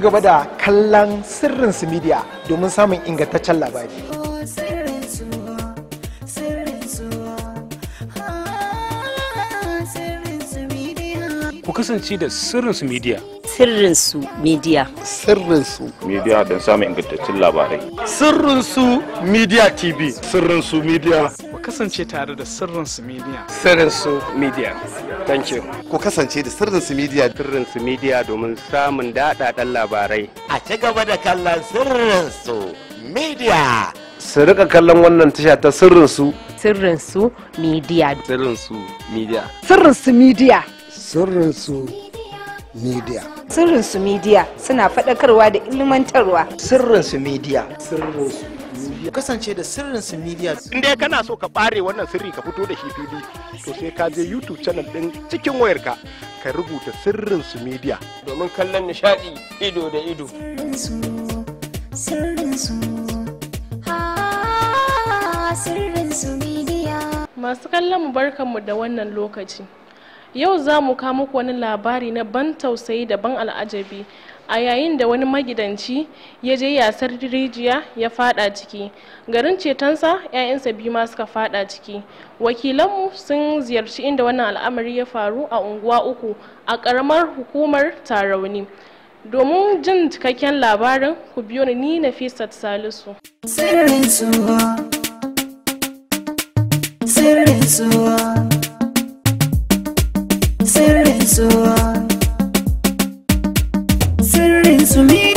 ci gaba da kallon sirrin su media domin samun ingantaccen labari oh, ah, ku kasance da sirrin su media sirrin su media sirrin su media don samun ingantaccen labarai sirrin su media tv sirrin su media kasance tare da sirrin su media. Sirrin su media. Thank you. Ku kasance da sirrin su media. Sirrin su media domin samun daɗaɗɗen labarai. A ci gaba da kallon sirrin su media. Su rika kallon wannan tasha ta sirrin su. Sirrin su media. Sirrin su media. Sirrin su media. Sirrin su media. Sirrin su media suna faɗakarwa da ilmantarwa. Sirrin su media. Sirrin su media kasance da sirrin su media in dai kana so ka bare wannan sirri ka fito da shi fili to sai ka je youtube channel din cikin wayarka ka rubuta sirrin su media domin kallon nishadi ido da ido sirrin su sirrin su masu kallon mu barkanmu da wannan lokaci yau za mu kawo muku wani labari na ban tausayi da ban al'ajabi a yayin da wani magidanci ya je yasar rijiya ya fada ciki garin cetonsa 'ya'yansa biyu ma suka fada ciki wakilanmu sun ziyarci inda wannan al'amari ya faru a unguwa uku a ƙaramar hukumar tarauni domin jin cikakken labarin ku biyo ni na fesat salisu sirrin to me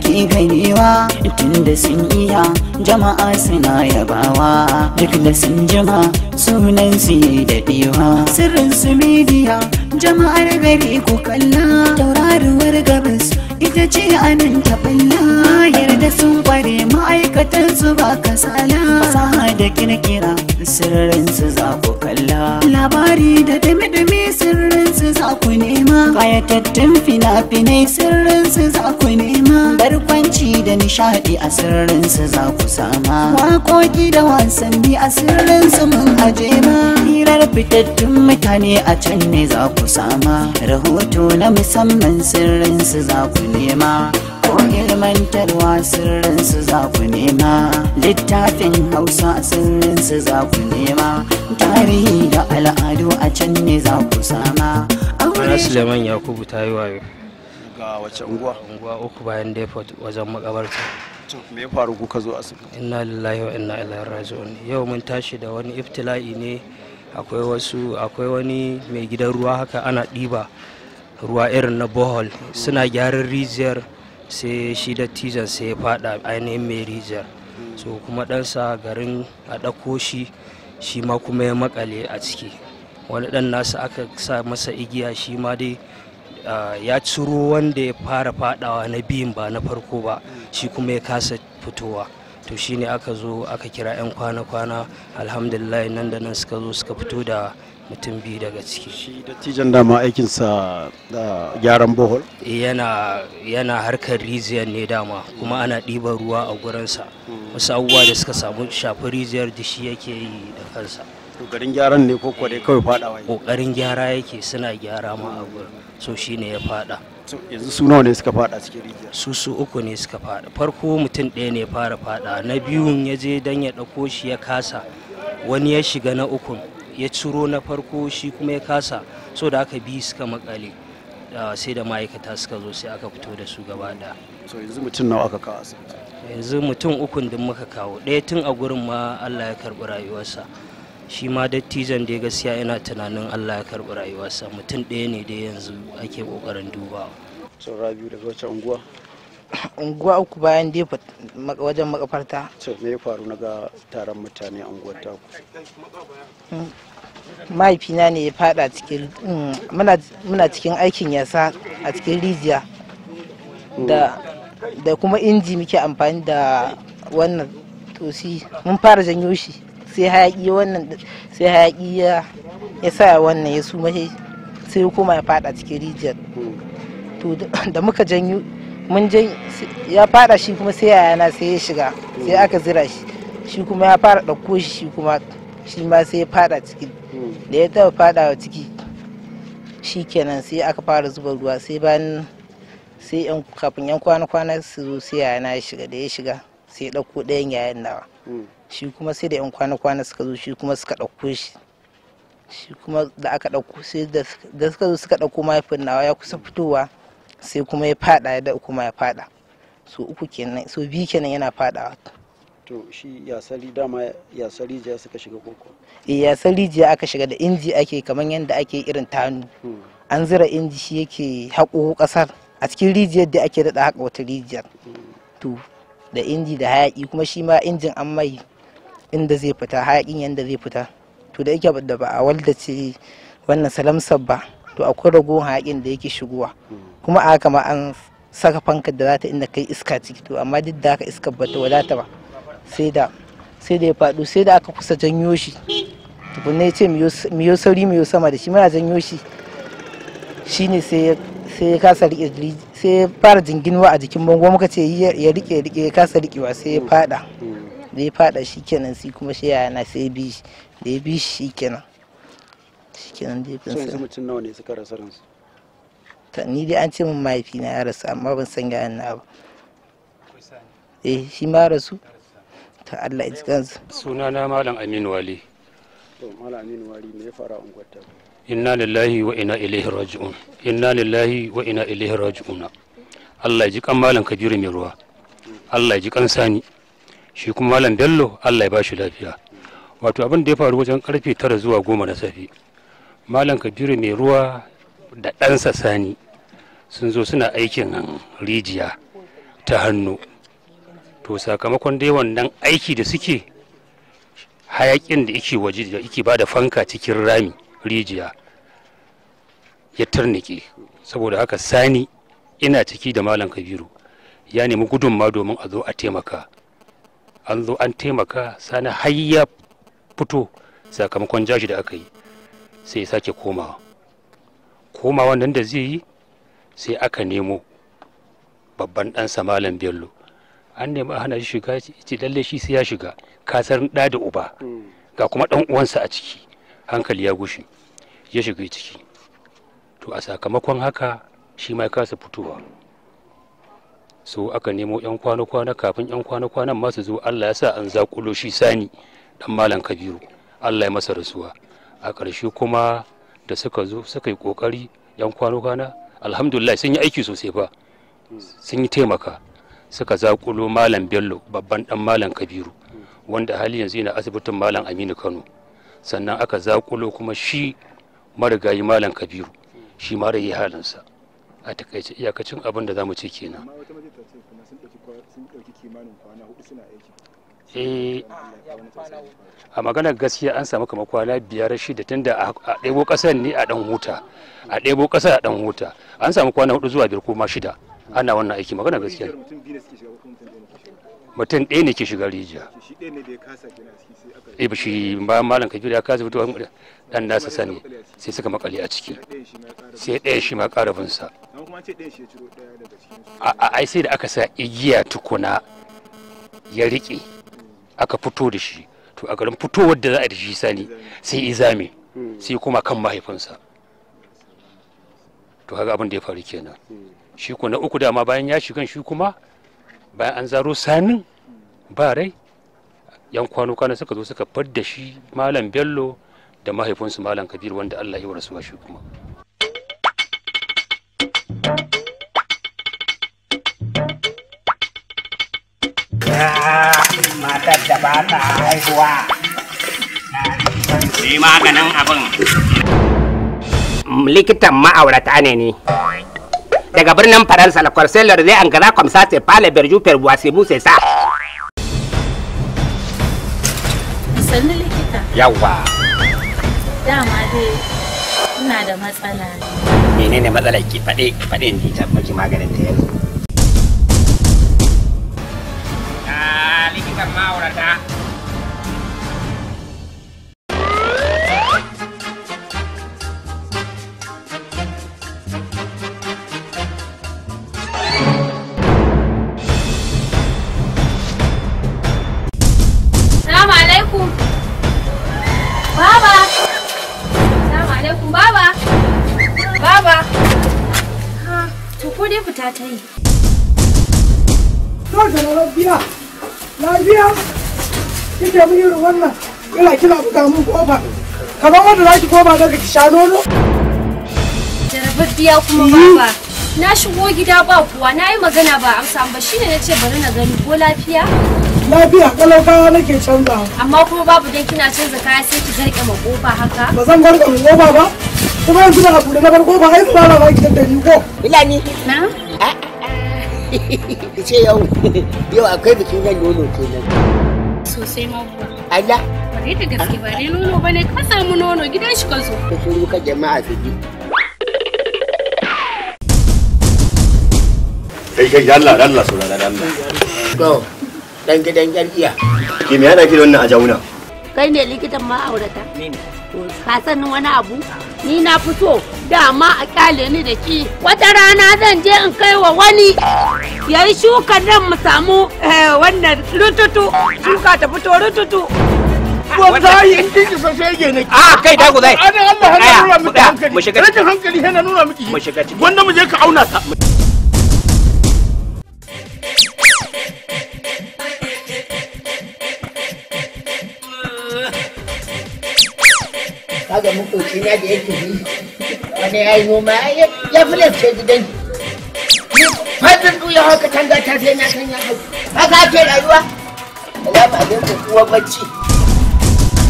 ki ganewa tun da sun iya jama'a suna yabawa duk da sun jima sunan su yi daɗewa sirrin su midiya jama'ar gari ku kalla tauraruwar gabas ita ce anan ta balla yarda sun kware ma'aikatan su ba kasala fasaha da kirkira sirrin su za ku kalla labari da dame-dame sirrin su za ku nema kayatattun fina-finai sirrin su za ku nema barkwanci da nishadi a sirrin su za ku sama waƙoƙi da wasanni a sirrin su mun aje ma hirar fitattun mutane a can ne za ku sama rahoto na musamman sirrinsu za ku nema ko ilmantarwa sirrinsu za ku nema littafin hausa sirrinsu za ku nema tarihi da al'adu a can ne za ku sama Ana Suleiman Yakubu ta yi wayo. Ga wace unguwa? Unguwa uku bayan depot wajen makabarta. me ya faru zo asibiti? Inna lillahi wa inna ilaihi raji'un. Yau mun tashi da wani iftila'i ne akwai wasu akwai wani mai gidan ruwa haka ana ɗiba ruwa irin na bohol suna gyaran rijiyar sai shi dattijan sai ya fada ainihin mai rijiyar so kuma ɗansa garin a ɗako shi shi ma kuma ya makale a ciki wani ɗan nasa aka sa masa igiya shi ma dai ya ciro wanda ya fara fadawa na biyun ba na farko ba shi kuma ya kasa fitowa to shine aka zo aka kira 'yan kwana-kwana alhamdulillah nan da nan suka zo suka fito da mutum biyu daga ciki shi dattijan dama aikinsa da gyaran bohol eh, yana harkar rijiyar ne dama kuma ana ɗiban ruwa a gurinsa hmm. wasu abubuwa da suka samu shafi rijiyar da shi yake yi da kansa Ƙoƙarin gyaran ne ko kuwa dai kawai faɗawa. Ƙoƙarin gyara yake suna gyara ma a gurin so ne ya faɗa. yanzu su nawa ne suka fada cikin rijiyar su su uku ne suka fada farko mutum ɗaya ne fara fada na biyun ya je dan ya ɗauko shi ya kasa wani ya shiga na ukun ya ciro na farko shi kuma ya kasa so da aka bi suka makale sai da ma'aikata suka zo sai aka fito da su gaba da so yanzu mutum nawa aka kawo asibiti yanzu mutum ukun din muka kawo ɗaya tun a gurin ma Allah ya karɓi rayuwarsa shi ma dattijan da gaskiya yana tunanin allah ya karɓi rayuwarsa mutum ɗaya ne da yanzu ake ƙoƙarin dubawa unguwa uku bayan dai wajen makafarta to faru na ga taron mutane unguwar ku hmm. mahaifina ne ya fada cikin hmm, muna cikin aikin yasa a cikin rijiya hmm. da kuma inji muke amfani da wannan tosi mun fara janyo shi sai haƙi wannan sai haƙi ya sa wannan ya suma sai kuma ya fada cikin rijiyar to da muka janyo mun jan ya fada shi kuma sai yana sai ya shiga sai aka zira shi shi kuma ya fara ɗauko shi shi kuma shi ma sai ya fada ciki da ya taɓa fadawa ciki shi kenan sai aka fara zuba ruwa sai ban sai yan kafin yan kwana-kwana su zo sai yana ya shiga da ya shiga sai ya ɗauko ɗayan yayan nawa shi kuma sai da yan kwana-kwana suka zo shi kuma suka ɗauko shi shi kuma da aka ɗauko sai da suka zo suka ɗauko mahaifin nawa ya kusa fitowa sai kuma ya fada ya dauko kuma ya fada so uku kenan so biyu kenan yana fadawa to shi sari dama yasari rijiya suka shiga koko eh sari rijiya aka shiga da inji ake kamar yadda ake irin tanu hmm. an zira inji shi yake haƙo ƙasar a cikin rijiyar da ake daɗa haƙa wata rijiyar hmm. to da inji da hayaƙi kuma shi ma injin an mai inda zai fita hayakin yadda zai fita to da yake da ba a walda ce wannan salamsar ba to akwai ragowar hayakin da yake shigowa kuma a kama an saka fankar da za ta inda kai iska ciki to amma duk da aka iska ba ta wadata ba sai da sai da ya faɗo sai da aka kusa janyo shi tukunna ya ce miyo sauri miyo sama da shi muna janyo shi shine sai ya kasa rike sai ya fara jinginwa a jikin bango muka ce ya rike rike ya kasa rikewa sai ya fada da ya fada shi kenan sai kuma shi ya na sai bi shi da ya bi shi kenan shi kenan da ya fi sai mutum nawa ne suka rasa ransu ta ni dai an ce min mahaifi na ya rasu amma ban san yayan na ba eh shi ma rasu ta Allah ya ji kansu suna na malam Aminu Wali malam Aminu Wali ne ya fara ungwata inna lillahi wa inna ilaihi raji'un inna lillahi wa inna ilaihi raji'un Allah ya ji kan malam Kabiru mai ruwa Allah ya ji kan sani shi kuma malam bello allah ya bashi lafiya wato abin da ya faru wajen karfe tara zuwa goma na safe malam kabiru mai ruwa da ɗansa sani sun zo suna aikin rijiya ta hannu to sakamakon dai wannan aiki da suke hayakin da yake waje da yake ba da fanka cikin rami rijiya ya tarnike saboda haka sani ina ciki da malam kabiru ya nemi gudunma domin a zo a taimaka an zo an taimaka sani har ya fito sakamakon jashi da aka yi sai ya sake komawa komawa nan da zai yi sai aka nemo babban ɗansa malam bello an nemi a hana shi shiga ce lalle shi sai ya shiga kasar ɗa da uba ga kuma ɗan uwansa a ciki hankali ya gushi ya shiga ciki to a sakamakon haka shi ma ya kasa fitowa so aka nemo yan kwana-kwana kafin yan kwana-kwanan masu zo allah ya sa an zakulo shi sani dan malam kabiru allah ya masa rasuwa a ƙarshe kuma da suka zo suka yi ƙoƙari yan kwana-kwana alhamdulillah sun yi aiki sosai ba sun yi taimaka suka zakulo malam bello babban dan malam kabiru wanda hali yanzu yana asibitin malam aminu kano sannan aka zakulo kuma shi marigayi malam kabiru shi mara yi halinsa a takaice iyakacin abin da za mu ci kenan eh, a maganar gaskiya an samu kama kwana biyar shida tun da a ɗebo ƙasar ne a ɗan huta a ɗebo ƙasar a ɗan huta an samu kwana hudu zuwa biyar ko ma shida ana wannan aiki maganar gaskiya mutum ɗaya ne ke shiga rijiya eh shi bayan malam kabiru ya kasa fito dan nasa sani sai suka makale a ciki sai ɗaya shi ma karabinsa a ai sai da aka sa igiya tukuna ya riƙe aka fito da shi to a garin fitowar da za a da shi sani sai izami sai kuma kan mahaifinsa to haka abin da ya faru kenan shi kuma na uku dama bayan ya shigan shi kuma bayan an zaro sanin ba rai yan kwano kana suka zo suka fadda shi malam bello da mahaifinsu malam kabir wanda allah ya rasuwa shi kuma matar da ba ta haihuwa maganin abin likitan ma'aurata ne ne daga birnin faransa la corsaire an angara comme ça c'est pas le berjou per boisibu c'est ça sannu likita yawa dama dai ina da matsala menene matsalar ki faɗe faɗe ni ta maki maganin ta yanzu likita ma'aurata dai fita ta yi. Kanka na lafiya, lafiya, kike mun irin wannan, kila-kila kina buga mun kofa. Kamar wanda za ki koma daga ki sha nono. Jarabaddiya kuma baba. Na shigo gida ba kuwa na yi magana ba amsa ba shine na ce bari na gani ko lafiya. Lafiya kalau nake canza. Amma kuma babu don kina canza kaya sai ki zarƙe ma kofa haka. Ba zan garƙa kofa ba. kuma yanzu da haƙuri na farko ba ai fara ba gidan da ni ko bilani na ah, ah. ce yau yau akwai bikin yan nono kenan sosai ma Allah bare da gaske ba dai nono bane ka samu nono gidan shi ka zo ka shuru ka jama'a su ji kai kai yalla Allah saurara Allah to dan gidan yarkiya ki me yana ki wannan a jauna kai ne likitan ma'aurata ni ne ka sani wani abu ni na fi so dama a kyale ni da ki wata rana zan je in kai wa wani ya yi shuka nan mu samu eh, wannan rututu shuka ta fito rututu wallahi in kin isa sai yake ne a ah, kai da ku zai ana Allah ya nuna miki hankali rashin hankali nuna miki wanda mu je ka auna ta kaga makoci na da yake yi wani ya yi noma ya fi lafce gidan fadin duya haka tanga ta sai na kan ya hau ka ake rayuwa za ba zai kuwa bacci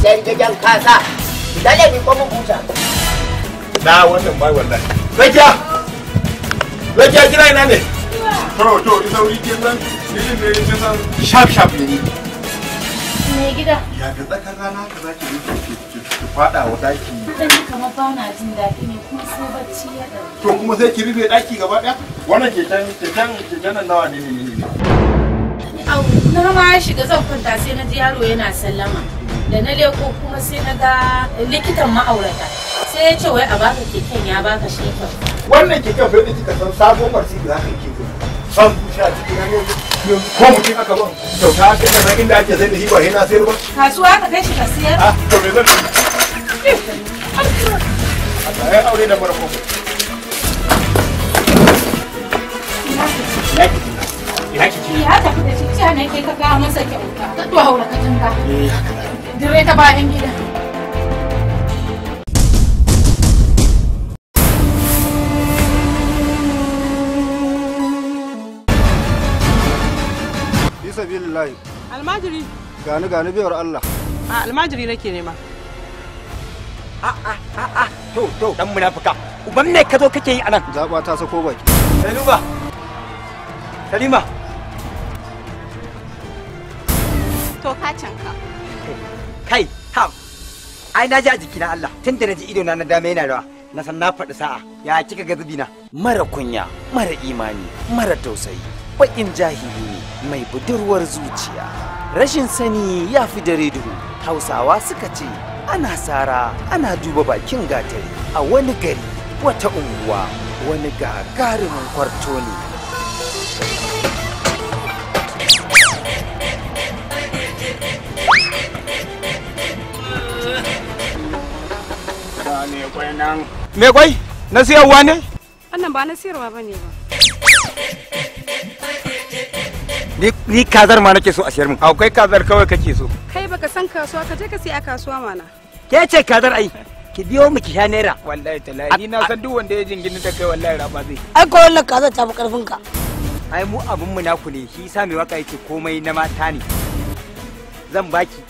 dan gajan kasa dale mi ko mun kusa? na wannan bai wallahi rakiya rakiya gina ina ne to to ita wuri ke nan ni ne ke san shap shap ne ni me gida ya ga tsakar rana ka zaki ki fada wa daki dan kamar ba na jin daɗi ne kuma sai bacci ya dauke to kuma sai ki rufe daki gaba daya wannan keken keken keken nawa ne ne ne au na ma shiga zan kwanta sai na ji yaro yana sallama da na leko kuma sai na ga likitan ma'aurata sai ya ce wai a baka keken ya baka shi wannan keken fa da kika san sabon farsi da haka kike san zuciya cikin hanyar ko mutum aka ban kyauta ta nan inda ake sai da yana sayar kasuwa ka kai shi ka ah to me zan ya aure da tafi da shi ne kai ka ga masa kyauta ka to haura ka tunka eh haka dire ta bayan gida wallahi almajiri gani gani biyar Allah a almajiri nake nema a a a a to to dan munafika uban ne ka zo kake yi anan zaba ta sako baki Salima Salima to ka canka kai ha ai na ji a jikina Allah tunda na ji ido na na dame yana rawa na san na faɗi sa'a ya kika ga zubina mara kunya mara imani mara tausayi baƙin jahili mai budurwar zuciya rashin sani ya fi dare duhu hausawa suka ce ana sara ana duba bakin gatari a wani gari wata unguwa wani gagarumin kwarto ne Me kwai? Na ne? Wannan ba na siyarwa ba ne ba. ni kazar ma nake so a siyar mu akwai kazar kawai kake so kai baka san kasuwa ka je ka siya kasuwa kasuwa mana ke ce kazar ai ki biyo mu ki sha naira wallahi tallahi ni na san duk wanda ya jingina da kai wallahi raba zai ai ko wannan kazar ta fi karfin ka ai mu abun mu naku ne shi sa mai waka yake komai na mata ne zan baki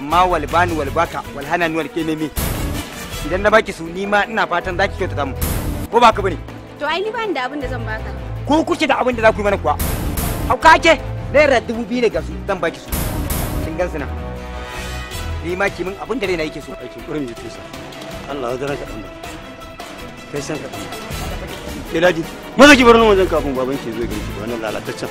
amma walbani walbaka walhana ni walke ne idan na baki su ni ma ina fatan zaki kyautata mu ko ba ka bane to ai ni ba ni da abin da zan baka ko kuke da abin da za ku yi mana kuwa hauka ke naira dubu biyu ne ga su zan baki su kin gan su nan ni ma kimin abin da raina yake so aikin kurin ji tusa Allah ya dara ka dan kai san ka dan ke daji maza ki bar nan wajen kafin baban ke zo ya ganki wannan lalataccen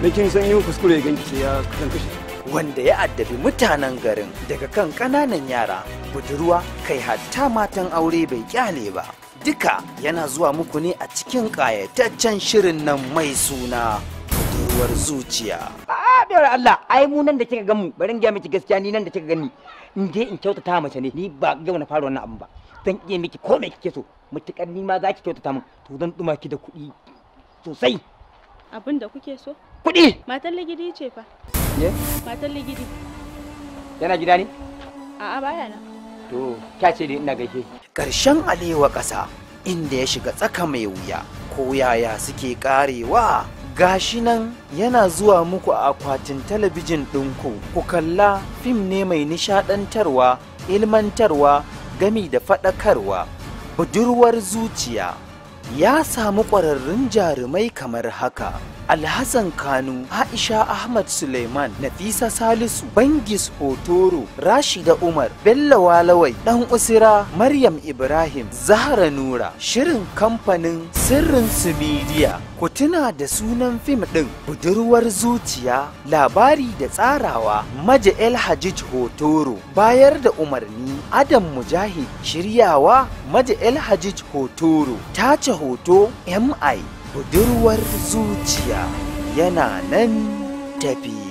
na kin san yin kuskure ya ganki sai ya kan kashi wanda ya addabi mutanen garin daga kan kananan yara budurwa kai hatta matan aure bai kyale ba duka yana zuwa muku ne a cikin ƙayataccen shirin nan mai suna duwar zuciya a biyar Allah ai mu nan da kika gan bari in miki gaskiya ni nan da kika gani in je in kyautata mace ne ni ba ga na fara wannan abin ba zan iya miki ko me kike so mutukar ni ma zaki kyautata min to zan duma ki da kuɗi sosai abin da kuke so kuɗi Matar ligidi ce fa ye Matar ligidi yana gida ne a'a baya nan to kya ce ni ina gaishe karshen alewa ƙasa inda ya shiga tsaka mai wuya ko yaya suke karewa gashi nan yana zuwa muku a akwatin talabijin ɗinku ku kalla fim ne mai nishaɗantarwa ilmantarwa gami da faɗakarwa budurwar zuciya ya samu ƙwararrun jarumai kamar haka Alhassan Kanu, Aisha Ahmad Suleiman, Nafisa Salisu, Bangis Hotoro, Rashida Umar, Bello Walawai, Dan Usira, Maryam Ibrahim, Zahra Nura, shirin kamfanin Sirrin su Media. Ku da sunan fim ɗin Budurwar Zuciya, labari da tsarawa, Maja El Hajij Hotoro, bayar da umarni Adam Mujahid, shiryawa Maja El Hajij Hotoro, tace hoto MI. budurwar zuciya yana nan tafi.